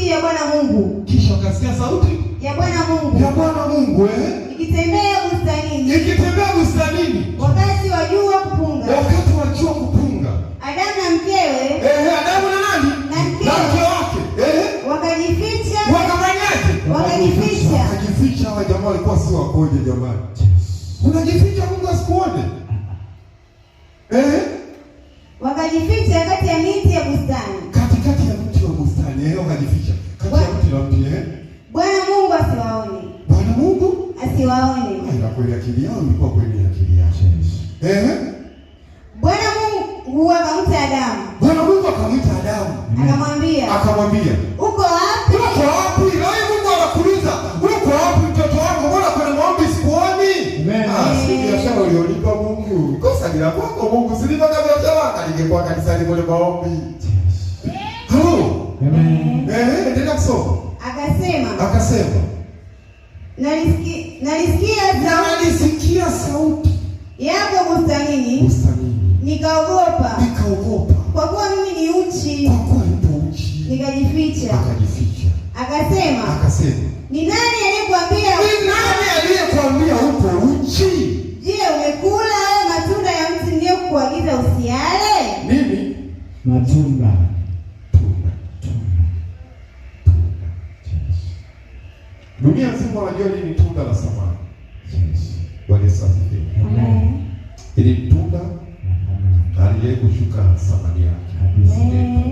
sauti ya Bwana Mungu. Kisha ukasikia sauti ya Bwana Mungu, ya Bwana Mungu eh, ikitembea bustanini, ikitembea bustanini wakati wa jua kupunga, wakati wa jua kupunga. Adamu na mkewe eh, eh Adamu na nani? Na mkewe Na wake eh, wakajificha. Wakafanyaje? Wakajificha, wakajificha. Hawa jamaa walikuwa si wakoje jamani? Unajificha Mungu asikuone eh, wakajificha kati ya miti ya bustani kwenda kweli akili yao ilikuwa kweli akili yake. Eh? Bwana Mungu akamwita Adamu. Bwana Mungu akamwita Adamu. Akamwambia. Akamwambia. Uko wapi? Uko wapi? Na yeye Mungu anakuuliza, uko wapi mtoto wangu? Mbona kuna maombi sikuoni? Amen. Asikia ah, biashara ulionipa Mungu. Kosa bila kwako Mungu silipa kabla ya alingekuwa kanisani mole maombi. Hello. Amen. Eh, endelea kusoma. Akasema. Akasema nalisikia sauti yako bustanini, Nikaogopa, nikaogopa kwa kuwa mimi ni uchi, nikajificha. Akasema, akasema ni nani aliyekuambia, ni nani aliyekuambia upo uchi? Je, umekula matunda ya mti niliyokuagiza usiale? Mimi matunda Dunia nzima wanajua hili ni tunda la samani. Yes. Bwana Yesu asifiwe. Amen. Ili tunda aliye kushuka samani yake. Amen.